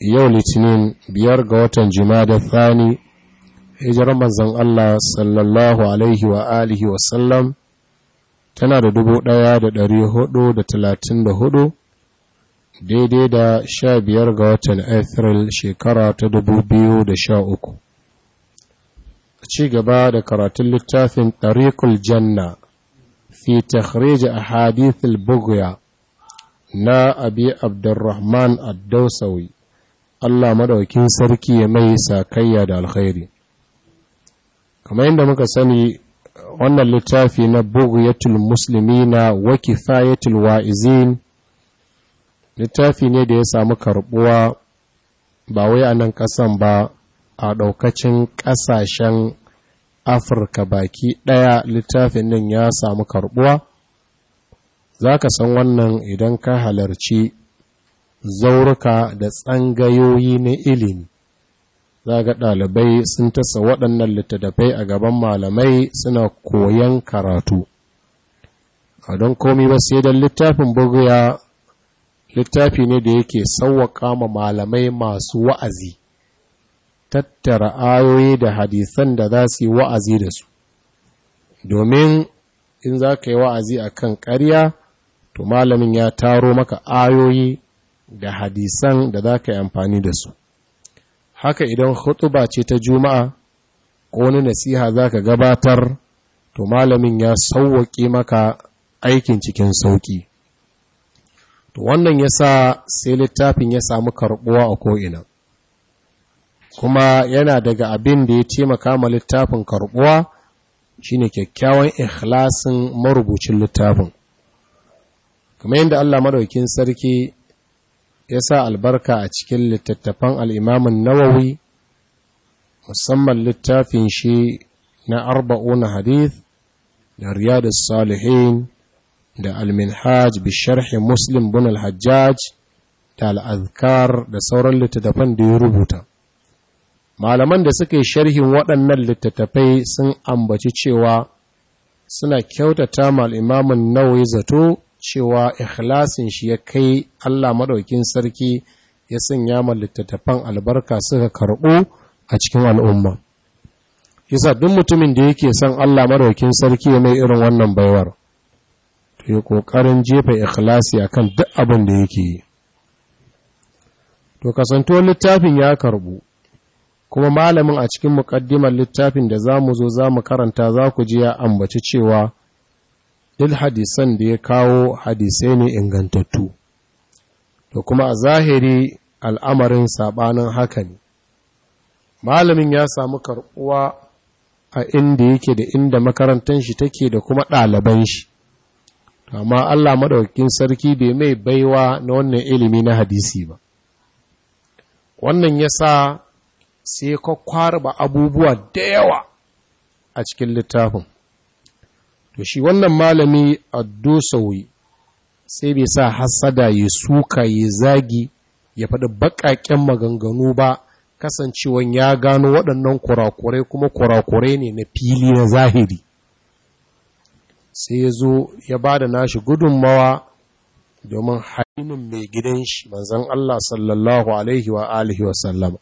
yau litinin biyar ga watan jumada thani hijirar manzan Allah sallallahu alaihi wa alihi tana da dubu ɗaya da ɗari hudu da talatin da hudu daidai da sha biyar ga watan Afril shekara ta dubu biyu da sha uku ci gaba da karatun littafin ɗariƙul janna fi takhrij ahadith al na abi abdurrahman ad-dawsawi Allah madaukin sarki ya mai sakayya da alkhairi kamar yadda muka sani wannan littafi na bugiyatul muslimina wa kifayatul wa'izin littafi ne da ya samu karbuwa ba wai a nan kasan ba a daukacin kasashen afirka baki daya littafin nan ya samu karbuwa za ka san wannan idan ka halarci zauruka da tsangayoyi na ilimi za ga ɗalibai sun tasa waɗannan littattafai a gaban malamai suna koyon karatu a don komi ba sai don littafin buguya littafi ne da yake sauwaƙa ma malamai masu wa'azi tattara ayoyi da hadisan da za su yi wa'azi da su domin in za ka yi wa'azi a kan ƙarya to malamin ya taro maka ayoyi da hadisan da za ka yi amfani da su haka idan hutuba ce ta juma'a ko wani nasiha za ka gabatar to malamin ya sauwaƙe maka aikin cikin sauƙi to wannan ya sa sai littafin ya samu karɓuwa a ko'ina kuma yana daga abin da ya taimaka ma littafin karɓuwa shine kyakkyawan ikhlasin marubucin littafin kuma yadda Allah madaukin sarki ya sa albarka a cikin littattafan al'imamin nawawi musamman littafin shi na arba'una hadith da riyadus salihin da alminhaj bisharhi muslim bin alhajjaj da al'azkar da sauran littattafan da ya rubuta malaman da suka yi sharhin waɗannan littattafai sun ambaci cewa suna kyautata ma al'imamin nawawi zato cewa ikhlasin shi ya kai Allah maɗaukin sarki ya sanya ma littattafan albarka suka karɓo a cikin al'umma. yasa duk mutumin da yake son Allah maɗaukin sarki ya mai irin wannan baiwar, to ya ƙoƙarin jefa ikhlasi akan duk abin da yake yi. To, kasanto littafin ya karɓu, kuma malamin a cikin muƙaddimar littafin da za mu zo zamu karanta za ku ji ya ambaci cewa duk hadisan da ya kawo hadisai ne ingantattu da kuma a zahiri al'amarin saɓanin haka ne malamin ya samu karɓuwa a inda yake da inda makarantar shi take da kuma ɗaliban shi amma Allah maɗaukakin sarki bai mai baiwa na wannan ilimi na hadisi ba wannan ya sa sai ka kwarba abubuwa da yawa a cikin littafin to shi wannan malami addosawi sai bai sa hassada ya suka ya zagi ya faɗi baƙaƙen maganganu ba kasancewan ya gano waɗannan kurakurai kuma kurakurai ne na fili na zahiri sai ya zo ya ba da nashi gudunmawa domin hainin mai gidan shi manzan Allah sallallahu alaihi wa alihi wa sallama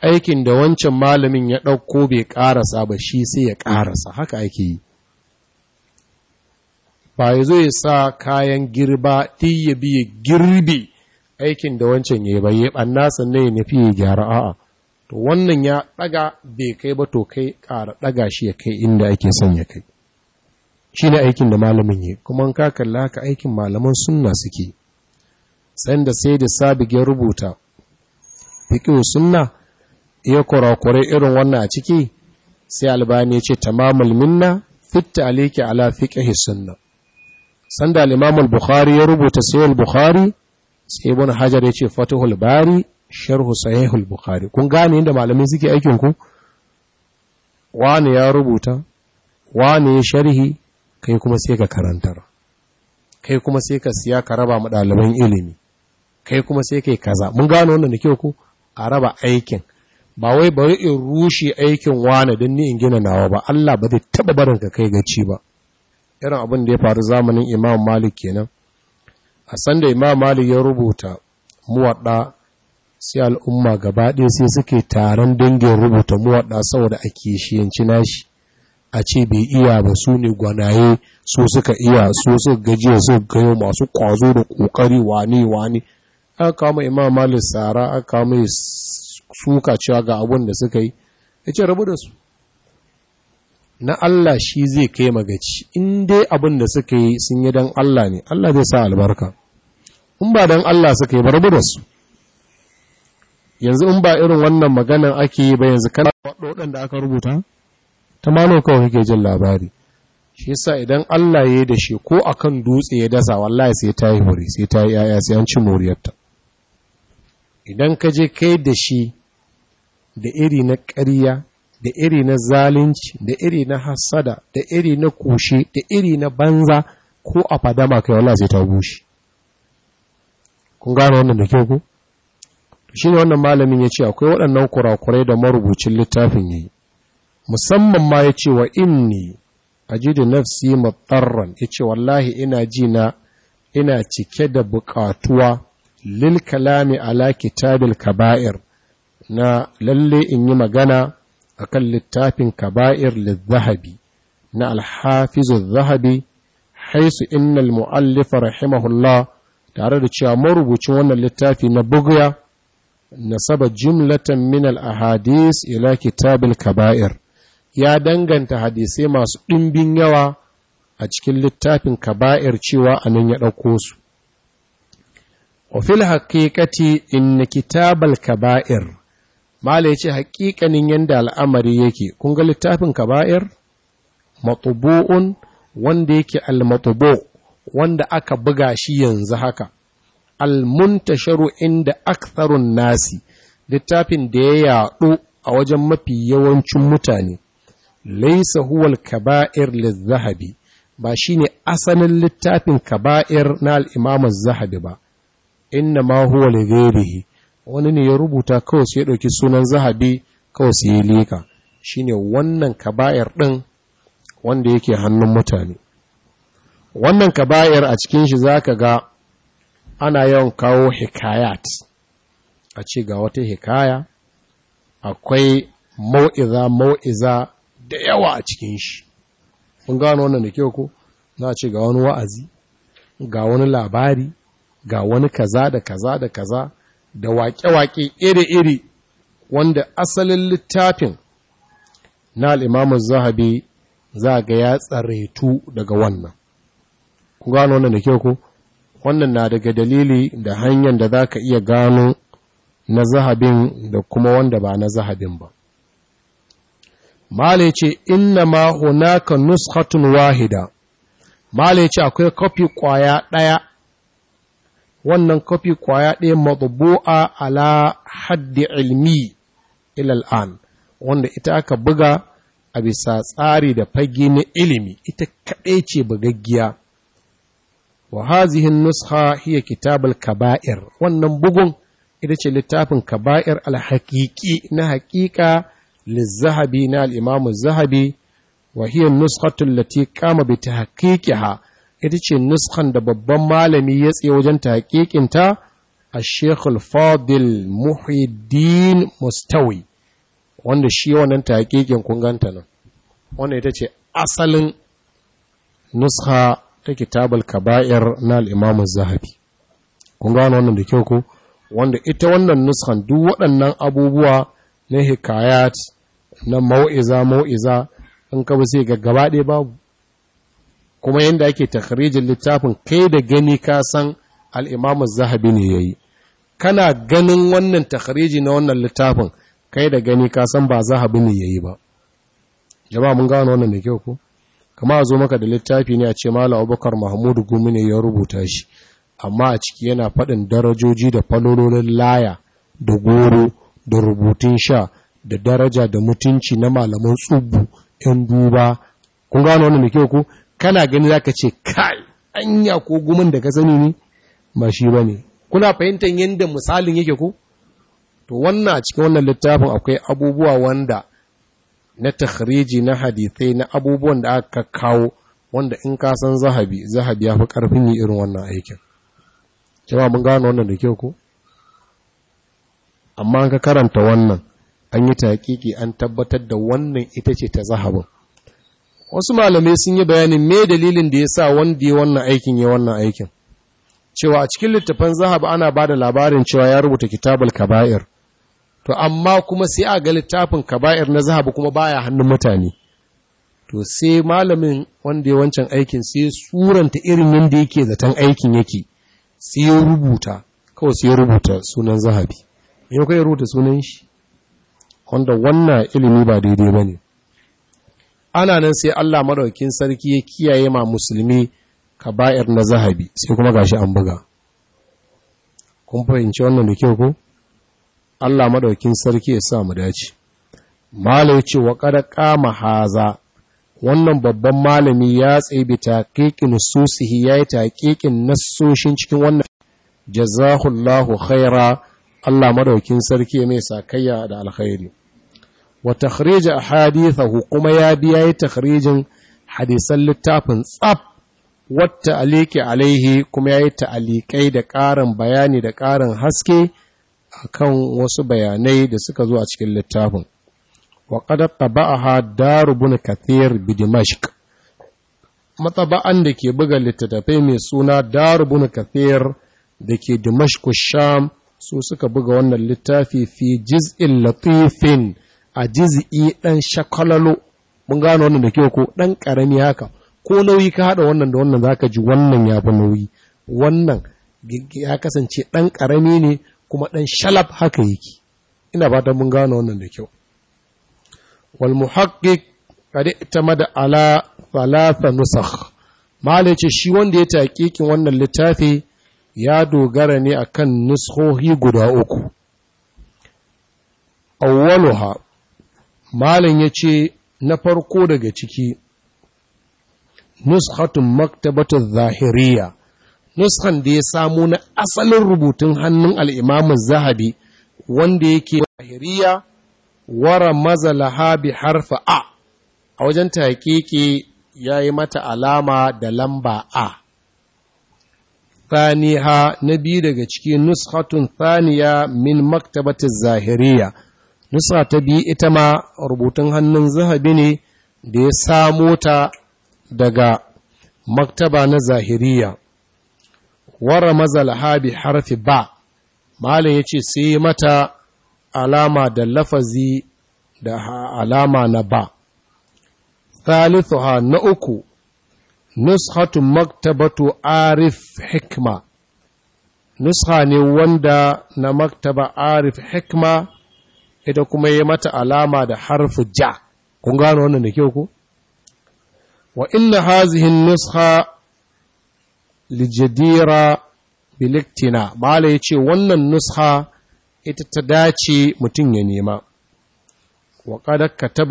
aikin da wancan malamin ya ɗauko bai ƙarasa ba shi sai ya ƙarasa haka ake yi ba ya zo ya sa kayan girba bi ya girbe aikin da wancan ya ba ya ɓanna sannan ya nufi ya gyara a'a to wannan ya ɗaga bai kai ba to kai ƙara ɗaga shi ya kai inda ake son ya kai shi ne aikin da malamin ya kuma ka kalla haka aikin malaman sunna suke sanda sai da sabig ya rubuta fiƙi sunna ya kurakurai irin wannan a ciki sai albani ya ce tamamul minna fitta aliki ala fiqhi sunna sanda al bukhari ya rubuta sahih bukhari sai ibn hajar ya ce fatihul bari sharhu sahihul bukhari kun gane inda malamin suke aikin ku wani ya rubuta wani ya sharhi kai kuma sai ka karantar kai kuma sai ka siya ka raba ma ɗaliban ilimi kai kuma sai kai kaza mun gane wannan da kyau ku a raba aikin ba wai bari in rushe aikin wani don ni in gina nawa ba Allah ba zai taba barin ka kai gaci ba irin abin da ya faru zamanin imam malik kenan a sanda imam malik ya rubuta muwaɗa sai al'umma gaba ɗaya sai suke taron dangin rubuta muwaɗa saboda a shiyanci nashi a ce bai iya ba su ne gwanaye su suka iya su su gajiya su gayo masu kwazo da ƙoƙari wane wane aka kama imam malik sara aka kama suka cewa ga abin da suka yi ya ce rabu da su na Allah shi zai kai magaci in dai abin da suka yi sun yi don Allah ne Allah zai sa albarka in ba don Allah suka yi barbu da su yanzu in ba irin wannan maganan ake yi ba yanzu kana faɗo da aka rubuta ta malo kawai kake jin labari shi yasa idan Allah ya yi da shi ko akan dutse ya dasa wallahi sai ta yi hore sai ta yi yaya sai an ci moriyarta idan ka je kai da shi da iri na ƙarya da iri na zalunci da iri na hasada da iri na kushe da iri na banza ko a fadama kai wala sai ta bushe kun gane wannan da kyau ku shi ne wannan malamin ya ce akwai waɗannan kurakurai da marubucin littafin ya yi musamman ma ya ce wa inni a ji da nafsi matsarran ya ce wallahi ina ji na ina cike da buƙatuwa lil kalami ala kitabil kaba'ir na lalle in yi magana akan littafin kaba'ir lizahabi na alhafizu zahabi haisu innal mu'allifa rahimahullah tare da cewa marubucin wannan littafi na bugya nasaba jumlatan min al-ahadis ila kitabil kaba'ir ya danganta hadisai masu ɗimbin yawa a cikin littafin kaba'ir cewa anan ya ɗauko su wa fil haqiqati inna kitabal kaba'ir mala ce haƙiƙanin yadda al'amari yake kun ga littafin kaba'ir matubu'un wanda yake al-matubu wanda aka buga shi yanzu haka al inda aktharun nasi littafin da ya yaɗu a wajen mafi yawancin mutane laisa huwal kaba'ir zahabi, ba shine asalin littafin kaba'ir na al zahabi ba inna ma huwal li wani ne ya rubuta kawai su ya ɗauki sunan zahabi kawai sai ya leka ne wannan kaba'ir ɗin wanda yake hannun mutane wannan kaba'ir a cikin shi zaka ga ana yawan kawo hikayat a ce ga wata hikaya akwai mau'iza mau'iza da yawa a cikin shi kun gano wannan da kyau ko za a ce ga wani wa'azi ga wani labari ga wani kaza da kaza da kaza da waƙe-waƙe iri-iri wanda asalin littafin na al'imamun zahabi za ga ya tsaretu daga wannan. Ku gano wannan da kyau ku? Wannan na daga dalili da hanyar da za ka iya gano na zahabin da kuma wanda ba na zahabin ba. Male ce, Inna ma hunaka nuskhatun wahida, Male ce akwai kofi ƙwaya ɗaya wannan kofi kwaya ɗaya matsubu'a ala haddi ilmi ilal'an wanda ita aka buga a bisa tsari da fage na ilimi ita kaɗai ce bugaggiya wa hazihin nusha hiya kitabul kaba'ir wannan bugun ita ce littafin kaba'ir alhaƙiƙi na haƙiƙa lizzahabi na al'imamu zahabi wa hiya nushatun lati kama bi ha. ita ce nuskan da babban malami ya tsaye wajen taƙiƙinta a shekul fadil muhiddin mustawi wanda shi wannan taƙiƙin kun kunganta nan wanda ita ce asalin nuska ta kitabul kaba'ir na al’imamu zahabi kun gano wannan da kyau ko wanda ita wannan nuskan duk waɗannan abubuwa na hikayat na mau'iza mau'iza in ka ba sai ga gaba ɗaya babu kuma yadda ake takarijin littafin kai da gani ka san al'imamu zahabi ne ya yi kana ganin wannan takariji na wannan littafin kai da gani ka san ba zahabi ne ya yi ba jama'a mun gano wannan da kyau ko kama a zo maka da littafi ne a ce mala abubakar mahmudu gumi ne ya rubuta shi amma a ciki yana faɗin darajoji da falololin laya da goro da rubutun sha da daraja da mutunci na malaman tsubu 'yan duba kun gano wannan da kyau ko kana gani zaka ce kai anya ko gumin da ka sani ne ba shi bane kuna fahimtar yanda misalin yake ko to wannan a cikin wannan littafin akwai abubuwa wanda na takhriji na hadithai na abubuwan da aka kawo wanda in ka san zahabi zahabi ya fi karfin yi irin wannan aikin cewa mun gano wannan da kyau ko amma an ka karanta wannan an yi taƙiƙi an tabbatar da wannan ita ce ta zahabin wasu malamai sun yi bayanin me dalilin da ya sa wanda ya wannan aikin ya wannan aikin cewa a cikin littafan zahab ana ba da labarin cewa ya rubuta kitabar kaba'ir to amma kuma sai a ga littafin kaba'ir na zahab kuma baya hannun mutane to sai malamin wanda ya wancan aikin sai suranta irin yadda yake zaton aikin yake sai ya rubuta kawai sai ya rubuta sunan zahabi me kai rubuta sunan shi wanda wannan ilimi ba daidai bane ana nan sai Allah maɗaukin sarki ya kiyaye ma musulmi kaba'ir na zahabi sai kuma gashi an buga kun fahimci wannan da kyau ko Allah madaukin sarki ya sa mu dace malai ce wa qad haza wannan babban malami ya tsaye bi taqiqin ya yi taqiqin nassoshin cikin wannan jazahullahu khaira Allah maɗaukin sarki mai sakayya da alkhairi wa takhrija ahadithahu kuma ya bi yayi takhrijin hadisan littafin tsaf wata aliki alaihi kuma yayi ta'alikai da ƙarin bayani da ƙarin haske akan wasu bayanai da suka zo a cikin littafin wa qad tabaaha daru ibn kathir bi dimashq mataba'an da ke buga littattafai mai suna daru ibn kathir da ke dimashq sham su suka buga wannan littafi fi jiz'in latifin a ɗan shakalalo mun gano wannan da kyau ko ɗan ƙarami haka ko nauyi ka haɗa wannan da wannan za ka ji wannan ya fi nauyi wannan ya kasance ɗan ƙarami ne kuma ɗan shalab haka yake ina ta mun gano wannan da kyau wal muhaqqiq qad da ala thalatha nusakh mala ce shi wanda ya taƙiƙin wannan littafi ya dogara ne akan nuskohi guda uku awwaluha Malam ya ce na farko daga ciki, nuskhatun maktabatar zahiriya, nuskan da ya samu na asalin rubutun hannun al'imamun zahabi wanda yake zahiriya wara mazala bi harfa A, a wajen hakiki ya yi mata alama da lamba A. Thaniha na biyu daga ciki nuskhatun thaniya min maktabatar zahiriya. nusa ta biyu ita ma rubutun hannun zahabi ne da ya samo ta daga maktaba na zahiriya wara mazal habi harfi ba malin ya ce sai mata alama da lafazi da alama na ba ثالثها maktabatu arif hikma. عارف ne wanda na maktaba arif hikma. ita kuma yi mata alama da harfu ja kun gano wannan da kyau ku wa inna hazihin nusha lijadira biliktina Malam ya ce wannan nusha ita ta dace mutum ya nema wa kada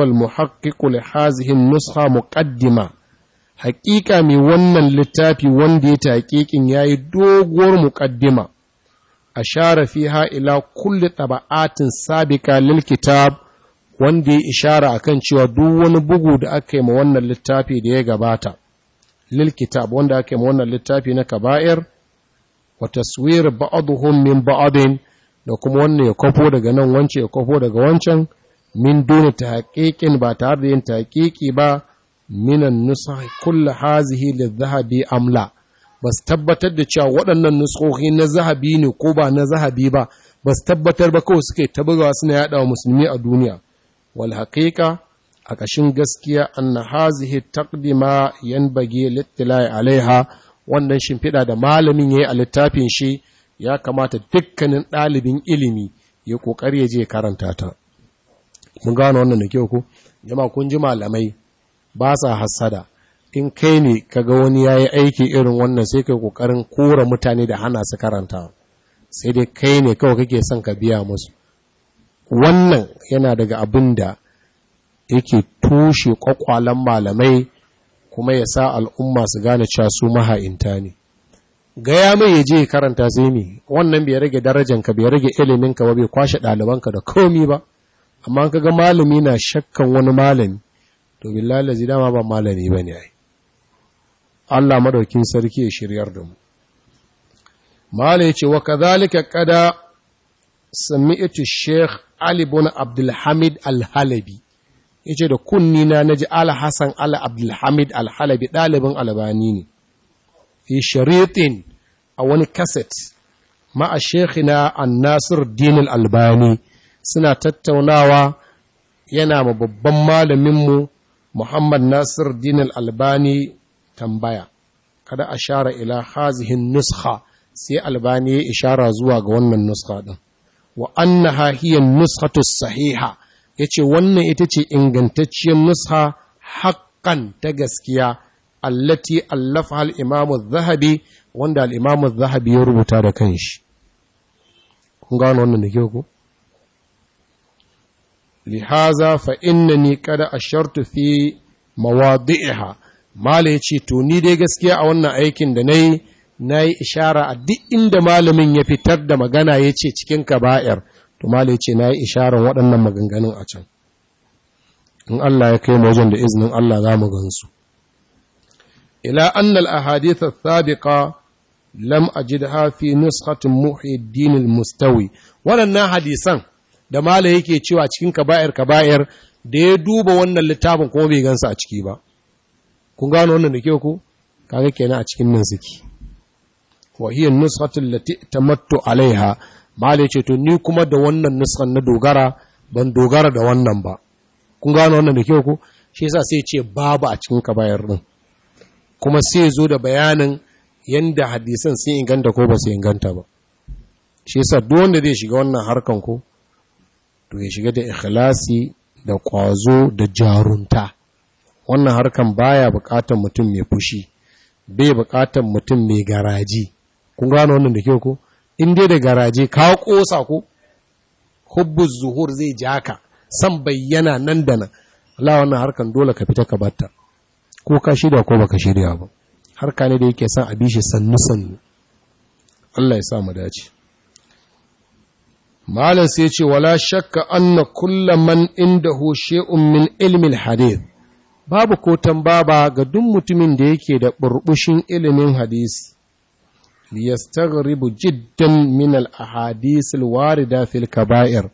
mu muhaqqiqu li hazihin nusha muƙaddima haƙiƙa mai wannan littafi wanda ya yi yayi doguwar muƙaddima A ashara fiha ila kulle taba'atin sabiƙa lil wanda ya ishara akan cewa duk wani bugu da aka yi ma wannan littafi da ya gabata lil wanda aka yi ma wannan littafi na kaba'ir wa taswir ba'dhum min ba'din da kuma wannan ya kwafo daga nan wance ya kwafo daga wancan min dole ta haƙiƙin ba tare da yin ta haƙiƙi ba minan nusa kulla hazihi lizahabi amla ba su tabbatar da cewa waɗannan nuskohi na zahabi ne ko ba na zahabi ba ba su tabbatar ba kawai suke tabbagawa suna yaɗa wa musulmi a duniya wal haƙiƙa a ƙashin gaskiya an anna hazihi yan bage littilai alaiha wannan shimfiɗa da malamin ya yi a littafin shi ya kamata dukkanin ɗalibin ilimi ya ƙoƙari ya je karanta ta mun gano wannan da kyau ko kun ji malamai ba sa hassada in kai ne kaga wani ya yi aiki irin wannan sai kai kokarin kora mutane da hana su karanta sai dai kai ne kawai kake son ka biya musu wannan yana daga abin da yake tushe kwakwalen malamai kuma ya sa al'umma su gane cewa su maha'inta ne gaya mai ya je karanta sai ne wannan bai rage darajanka bai rage iliminka ba bai kwashe ɗalibanka da komi ba amma kaga malami na shakkan wani malami to billahi lazi dama ba malami bane ai Allah madaukin sarki ya shiryar da mu mala yace wa kadhalika qada sami'tu sheikh ali ibn abdul hamid al halabi yace da kunni na naji al hasan al abdul hamid al halabi dalibin albani ne fi sharitin a wani kaset ma a shekhina an nasir dinin albani suna tattaunawa yana ma babban malaminmu muhammad nasir dinin albani tambaya kada a shara ila hazihin nuskha sai albani ya ishara zuwa ga wannan nuskha ɗin. wa annaha hiya nuskhatu sahiha yace wannan ita ce ingantacciyar nuskha haqqan ta gaskiya allati allafa al-imamu adh-dhahabi wanda al zahabi adh ya rubuta da kanshi kun gano wannan da ko lihaza fa innani kada ashartu fi mala ya ce to ni dai gaskiya a wannan aikin da na yi na yi ishara a duk inda malamin ya fitar da magana ya ce cikin kaba'ir to mala ya ce na yi isharar waɗannan maganganun a can in Allah ya kai wajen da izinin Allah za mu gansu ila annal a as-sabiqa lam ajidha fi nuskatin muhiddin mustawi waɗannan hadisan da mala yake cewa cikin kabayar-kabayar da ya duba wannan littafin ko bai gansa a ciki ba kun gano wannan da kyau ku kaga kenan a cikin nan suke wa hiya nusratu allati tamattu alaiha mali ce to ni kuma da wannan nusran na dogara ban dogara da wannan ba kun gano wannan da kyau ko shi yasa sai ce babu a cikin kabayar din kuma sai zo da bayanin yanda hadisan sun inganta ko ba su inganta ba shi yasa duk wanda zai shiga wannan harkan ko to ya shiga da ikhlasi da kwazo da jarunta wannan harkan baya buƙatar mutum mai fushi bai buƙatar mutum mai garaji kun gano wannan da kyau ko in dai da garaje ka kosa ko hubbu zuhur zai ja ka san bayyana nan da nan la wannan harkan dole ka fita ka batta ko ka shirya ko baka shirya ba harka ne da yake san a bi shi sannu sannu Allah ya sa mu dace malam sai ya ce wala shakka anna kullu man indahu shay'un min ilmi al-hadith babu ko tambaba ga duk mutumin da yake da burbushin ilimin hadisi liyastaghribu jiddan min al-ahadith al-warida fil kaba'ir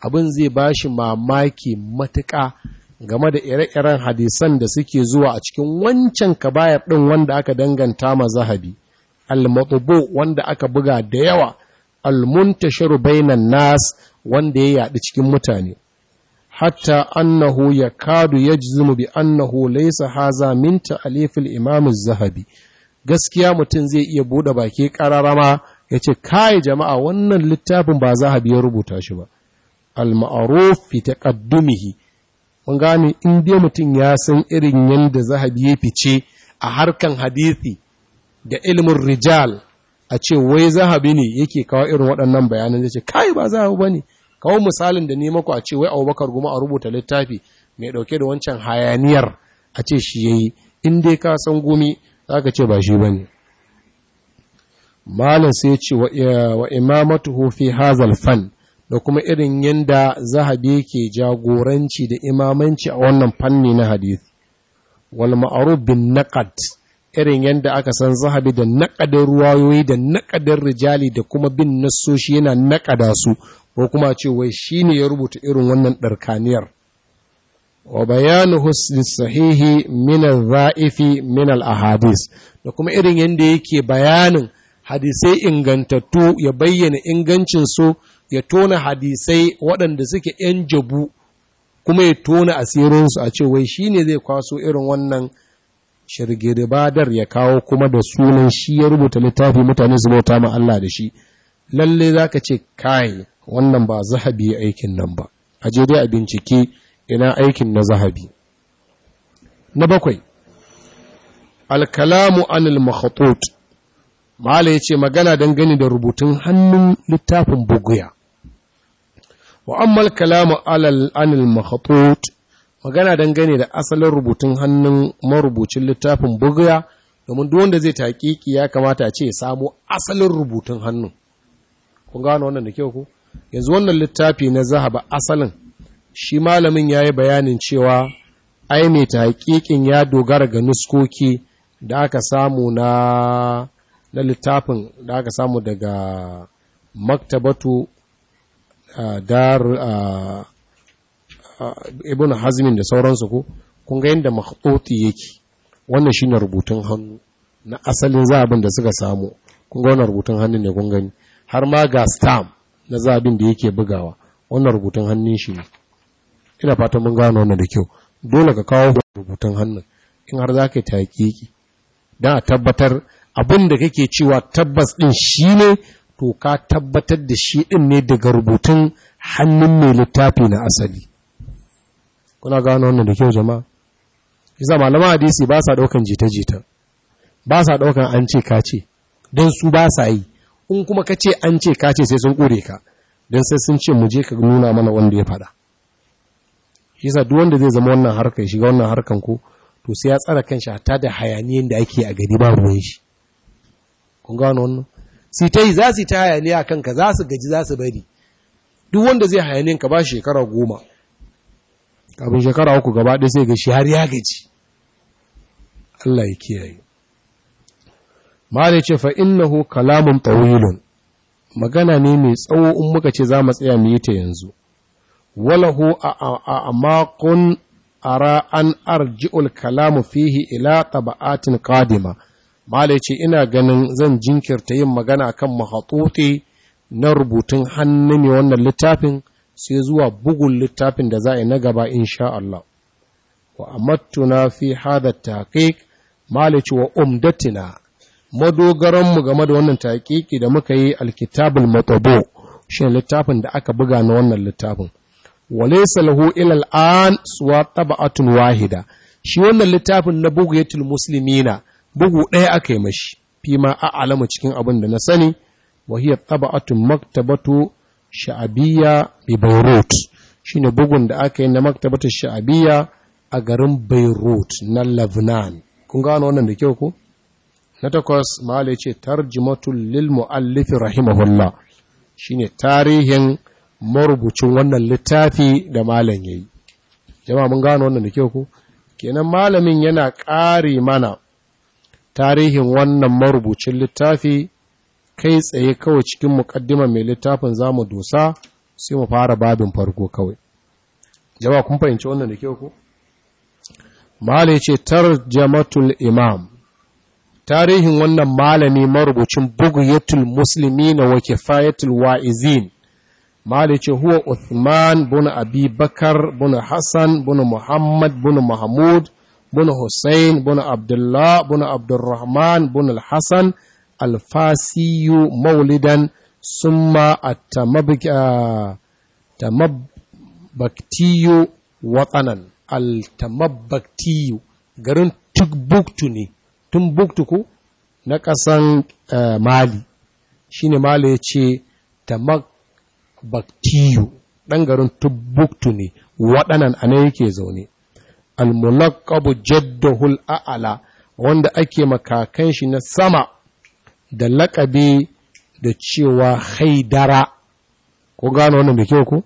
abin zai bashi mamaki matuka game da ire-iren hadisan da suke zuwa a cikin wancan kabayar ɗin wanda aka danganta ma zahabi al-matbu wanda aka buga da yawa al-muntashiru bainan nas wanda ya yaɗu cikin mutane hatta annahu ya kadu ya jizumu bi annahu laisa haza min ta'alifil imam zahabi gaskiya mutum zai iya bude baki kararama ya ce kai jama'a wannan littafin ba zahabi ya rubuta shi ba al-ma'ruf fi taqaddumihi mun gane in dai mutum ya san irin yanda zahabi ya fice a harkan hadisi da ilmin rijal a ce wai zahabi ne yake kawo irin waɗannan bayanan ya ce kai ba zahabi bane kawo misalin da ni maku a ce wai abubakar goma a rubuta littafi mai ɗauke da wancan hayaniyar a ce shi ya yi in dai ka san gumi za ka ce ba shi ba ne malam sai ce wa imamatu fi hazal fan da kuma irin yadda zahabi ke jagoranci da imamanci a wannan fanni na hadith wal ma'ruf bin naqad irin yadda aka san zahabi da naƙadin ruwayoyi da naƙadin rijali da kuma bin nassoshi yana naƙada su ko kuma ce wai shi ne ya rubuta irin wannan ɗarkaniyar wa bayanu husni sahihi minar za'ifi minal ahadis da kuma irin yadda yake bayanin hadisai ingantattu ya bayyana ingancinsu ya tona hadisai waɗanda suke ‘yan jabu kuma ya tona asirinsu a ce wai shi ne zai kwaso irin wannan shirgiribadar ya kawo kuma da sunan shi ya rubuta littafi mutane su bauta ma Allah da shi lalle za ka ce kai wannan ba zahabi aikin nan ba a je dai a bincike ina aikin na zahabi na bakwai alkalamu anil makhatut mala yace magana dangane da rubutun hannun littafin buguya wa ammal kalamu alal anil makhatut magana dangane da asalin rubutun hannun marubucin littafin buguya domin duk wanda zai taƙiƙi ya kamata ce ya samo asalin rubutun hannun kun gano wannan da kyau ko yanzu wannan littafi na zahaba asalin shi malamin ya yi bayanin cewa ai mai ta hakikin ya dogara ga nuskoki da aka samu na na littafin da aka samu daga maktabatu dar ibn hazmin da sauransu ko kun ga yadda makhtoti yake wannan shine rubutun hannu na asalin zabin da suka samu kun ga wannan rubutun hannu ne kun gani har ma ga stamp na zabin da yake bugawa wannan rubutun hannun shi ne ina fatan mun gano wannan da kyau dole ka kawo rubutun hannun in har za ka yi taƙiƙi don a tabbatar abin da kake cewa tabbas ɗin shi ne to ka tabbatar da shi ɗin ne daga rubutun hannun mai littafi na asali kuna gano wannan da kyau jama'a isa malaman hadisi ba sa ɗaukan jita-jita ba sa ɗaukan an ce ka ce don su ba sa yi in kuma ka ce an ce ka ce sai sun ƙure ka don sai sun ce mu je ka nuna mana wanda ya faɗa shi yasa duk wanda zai zama wannan harkar shiga wannan harkar ko to sai ya tsara kanshi ata da hayaniyan da ake a gari ba ruwan shi kun gano wannan su ta yi za su ta hayaniya a kanka za su gaji za su bari duk wanda zai hayaniyar ka ba shekara goma kafin shekara uku gaba ɗaya sai ga shi har ya gaji Allah ya kiyaye mala ce fa innahu kalamun tawilun magana ne mai tsawo in muka ce za mu tsaya mu yi ta yanzu walahu a makon ara an arji'ul kalamu fihi ila taba'atin kadima mala ce ina ganin zan jinkirta yin magana kan mahatsoti na rubutun hannu mai wannan littafin sai zuwa bugun littafin da za a yi na gaba insha Allah wa amattuna fi hada taƙiƙ, mala ce wa umdatina madogaranmu game da wannan taƙiƙi da muka yi alkitabul matabo shi ne littafin da aka buga na wannan littafin Wale salahu ilal an suwa taba'atun wahida shi wannan littafin na bugu bughyatul muslimina bugu ɗaya aka yi mashi fi ma alama cikin abin da na sani wahiyar hiya taba'atun maktabatu sha'abiyya bi beirut ne bugun da aka yi na maktabatu sha'abiyya a garin beirut na lebanon kun gano wannan da kyau ko na takwas mala ya ce tarjimatul lil mu'allifi rahimahullah shine tarihin marubucin wannan littafi da malam yayi jama'a mun gano wannan da kyau ku. kenan malamin yana ƙare mana tarihin wannan marubucin littafi kai tsaye kawai cikin mukaddima mai littafin za mu dosa sai mu fara babin farko kawai jama'a kun fahimci wannan da kyau ku. malai ce tarjamatul imam tarihin wannan malami marubucin bugiyatul musulmi na wake fayatul wa'izin ce huwa Uthman bin Abi Bakar bin Hassan bin Muhammad bin Mahmud bin Hussein bin Abdullah bin Abdurrahman bin hassan Al-Fasiyu maulidan summa at-tamabbaktiyu ah, watsanan al-tamabbaktiyu garin Tukbuktu ne tun buktuku na ƙasan eh, Mali shi ne Mali ya ce Tamak Baktiyu ɗan garin tubbuktu ne waɗannan a nan yake zaune. al kabu jaddahul a'ala wanda ake makakan shi na sama da laƙabi da cewa haidara ko gano wannan da kyau ku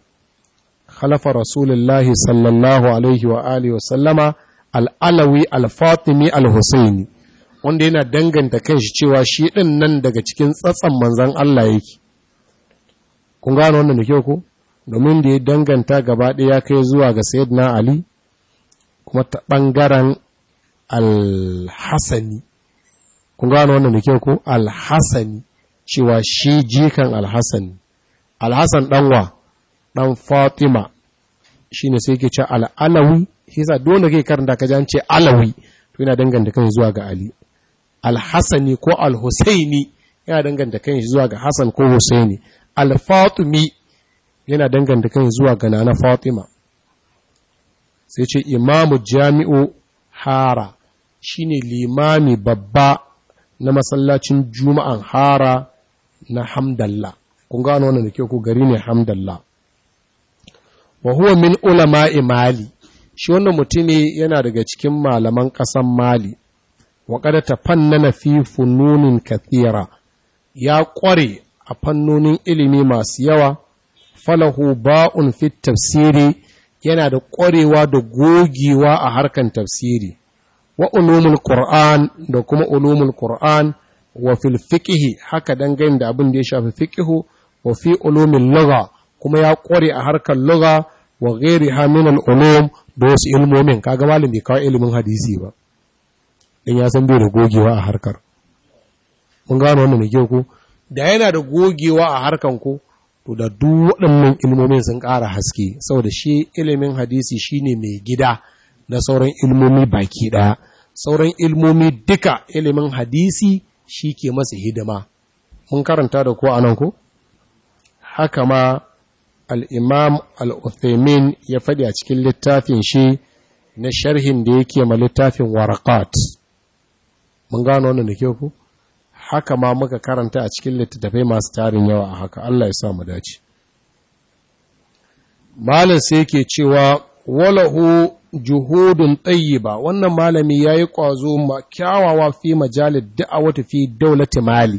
khalafa rasulullahi sallallahu alaihi wa alihi wa sallama al'alawi al-fatimi al-husaini al-fatimi wanda yana danganta kan shi cewa shi ɗin nan daga cikin tsatsan manzan Allah yake kun gano wannan da kyau ko domin da ya danganta gaba ɗaya kai zuwa ga na Ali kuma ta ɓangaren alhassani kun gano wannan da kyau ko alhassani cewa shi jikan alhassani alhassan ɗanwa ɗan fatima shi ne sai ke ce al'alawi shi sa dole kai karanta ka ce alawi to yana danganta kan zuwa ga ali alhassani ko alhussaini yana danganta kan zuwa ga hassan ko husaini alfatumi yana danganta kan zuwa ga nana fatima sai ce imamu jami'u hara shine limami babba na masallacin juma'an hara na hamdallah kun gano wannan da ke ku gari ne hamdallah wa huwa min ulama'i mali shi wannan ne yana daga cikin malaman ƙasan mali wa kada ta fannana fi fununin kathira ya ƙware a fannonin ilimi masu yawa falahu ba'un tafsiri yana da ƙwarewa da gogewa a harkan tafsiri wa ulumul qur'an da kuma ulumul qur'an wa fil fiqhi haka dangane da abin da ya shafi fiqhu wa fi ulumil lugha kuma ya ƙware a harkar lugha wa ghairiha min al ulum da wasu ilmomin kaga malami bai kawo ilimin hadisi ba don ya san bai da gogewa a harkar mun gano wannan mai kyau ko da yana da gogewa a harkar ku to da duk waɗannan ilmomin sun ƙara haske saboda shi ilimin hadisi shine mai gida na sauran ilmomi baki ɗaya sauran ilmomi duka ilimin hadisi shi ke masa hidima mun karanta da ko anan ko haka ma al'imam al'uthaimin ya faɗi a cikin littafin shi na sharhin da yake ma littafin warakat mun gano wannan da kyau ku haka ma muka karanta a cikin littattafai masu tarin yawa a haka Allah ya sa mu dace malam sai yake cewa walahu juhudun tayyiba wannan malami yayi kwazo ma kyawawa fi majalid da'awati fi daulati mali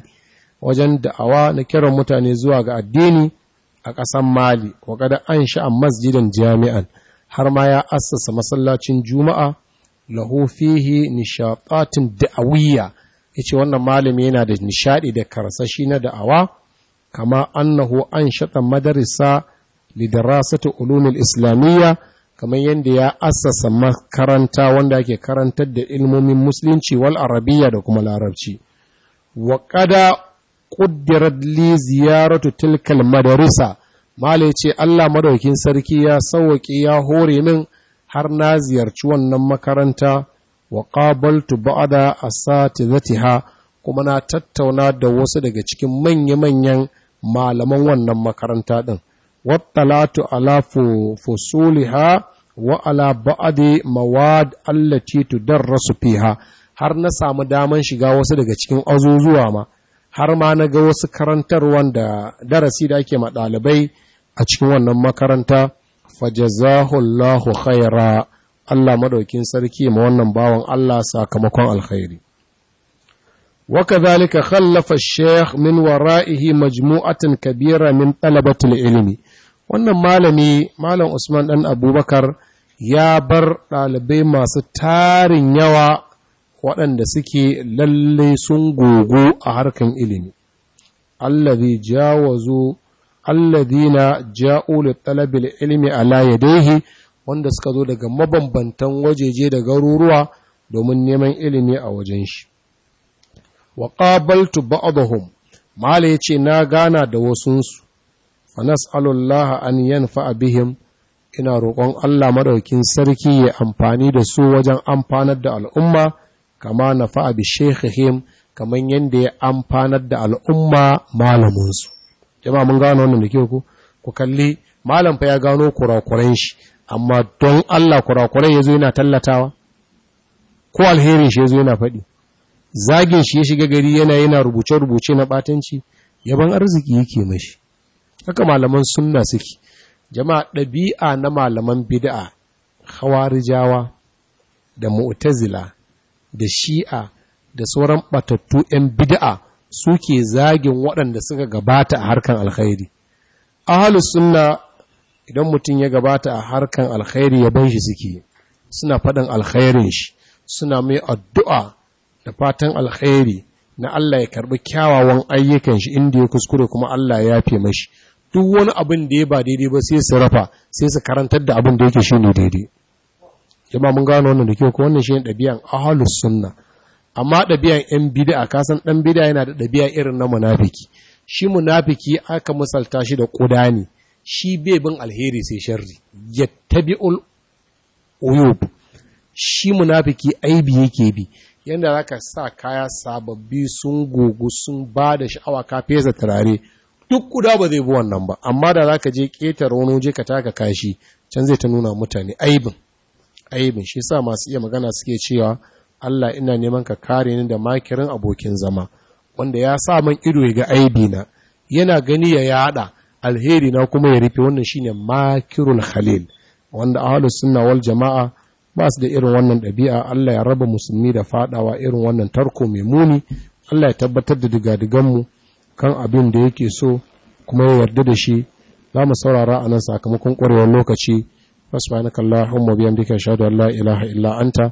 wajen da'awa na kiran mutane zuwa ga addini a ƙasan mali wa kada an sha masjidan jami'an har ma ya assasa masallacin juma'a lahu fihi nishatatin da'awiyya yace wannan malami yana da nishaɗi da karsashi na da'awa kama annahu an shata madarisa lidarasatu ulumul islamiyya kamar yadda ya assasa makaranta wanda ake karantar da ilmomin musulunci wal arabiyya da kuma larabci wa qada quddirat li ziyaratu tilkal madarisa mala yace Allah madaukin sarki ya sauke ya hore min har na ziyarci wannan makaranta wa ta ba'da asatizatiha kuma na tattauna da wasu daga cikin manya-manyan malaman wannan makaranta din wattalatu ala fusuliha wa ala ba'di mawad allati tudarrasu fiha har na samu daman shiga wasu daga cikin azuzuwa ma har ma na ga wasu karantarwan da darasi da ake ma ɗalibai a cikin wannan makaranta fajazahullahu khaira Allah madaukin sarki ma wannan bawan Allah sakamakon alkhairi وكذلك خلف الشيخ من majmu'atan مجموعة كبيرة من طلبة ilimi. wannan malami malam Usman dan Abubakar ya bar ɗalibai masu tarin yawa waɗanda suke lalle sun gogo a harkan ilimi allazi jawazu alladhina ja'u li talabil ilmi ala yadayhi wanda suka zo daga mabambantan wajeje da garuruwa domin neman ilimi a wajen shi wa qabaltu ba'dahum mala yace na gana da wasunsu fa nas'alullaha an yanfa'a bihim ina roƙon Allah madaukin sarki ya amfani da su wajen amfanar da al'umma kama nafa'a bi shaykhihim kaman yanda ya amfanar da al'umma malaminsu jama'a mun gano wannan da ke ku ku kalli malam fa ya gano kurakuran shi amma don Allah kurakuran yazo yana tallatawa ko alherin shi yazo yana faɗi zagin shi ya shiga gari yana yana rubuce rubuce na batanci yaban arziki yake mashi haka malaman sunna suke jama'a ɗabi'a na malaman bid'a hawarijawa da mu'tazila da shi'a da sauran batattu 'yan bid'a suke zagin waɗanda suka gabata a harkan alkhairi ahalus sunna idan mutum ya gabata a harkan alkhairi ya ban shi suke suna faɗin alkhairin shi suna mai addu'a da fatan alkhairi na Allah ya karɓi kyawawan ayyukan shi inda ya kuskure kuma Allah ya fi mashi duk wani abin da ya ba daidai ba sai su rafa sai su karantar da abin da yake shi ne daidai jama'a mun gano wannan da kyau ko wannan shi ne ɗabi'an ahalus sunna amma ɗabi'an 'yan bida'a kasan ɗan bida yana da ɗabi'a irin na munafiki shi munafiki aka misalta shi da ƙuda ne shi bebin alheri sai sharri ya tabi uyub shi munafiki aibi yake bi yadda za ka sa kaya sababbi sun gogu sun ba da sha'awa ka fesa turare duk ƙuda ba zai bi wannan ba amma da zaka je ƙetare wani waje ka taka kashi can zai ta nuna mutane aibin aibin shi sa masu iya magana suke cewa Allah ina neman ka kare ni da makirin abokin zama wanda ya sa man ido ya ga aibi na yana gani ya yada alheri na kuma ya rufe wannan shine makirul khalil wanda ahlus sunna wal jamaa ba su da irin wannan ɗabi'a Allah ya raba musulmi da fadawa irin wannan tarko mai muni Allah ya tabbatar da digadigan mu kan abin da yake so kuma ya yarda da shi za mu saurara a nan sakamakon ƙwarewar lokaci wasu bayan kallon homo biyan duka Allah ilaha illa anta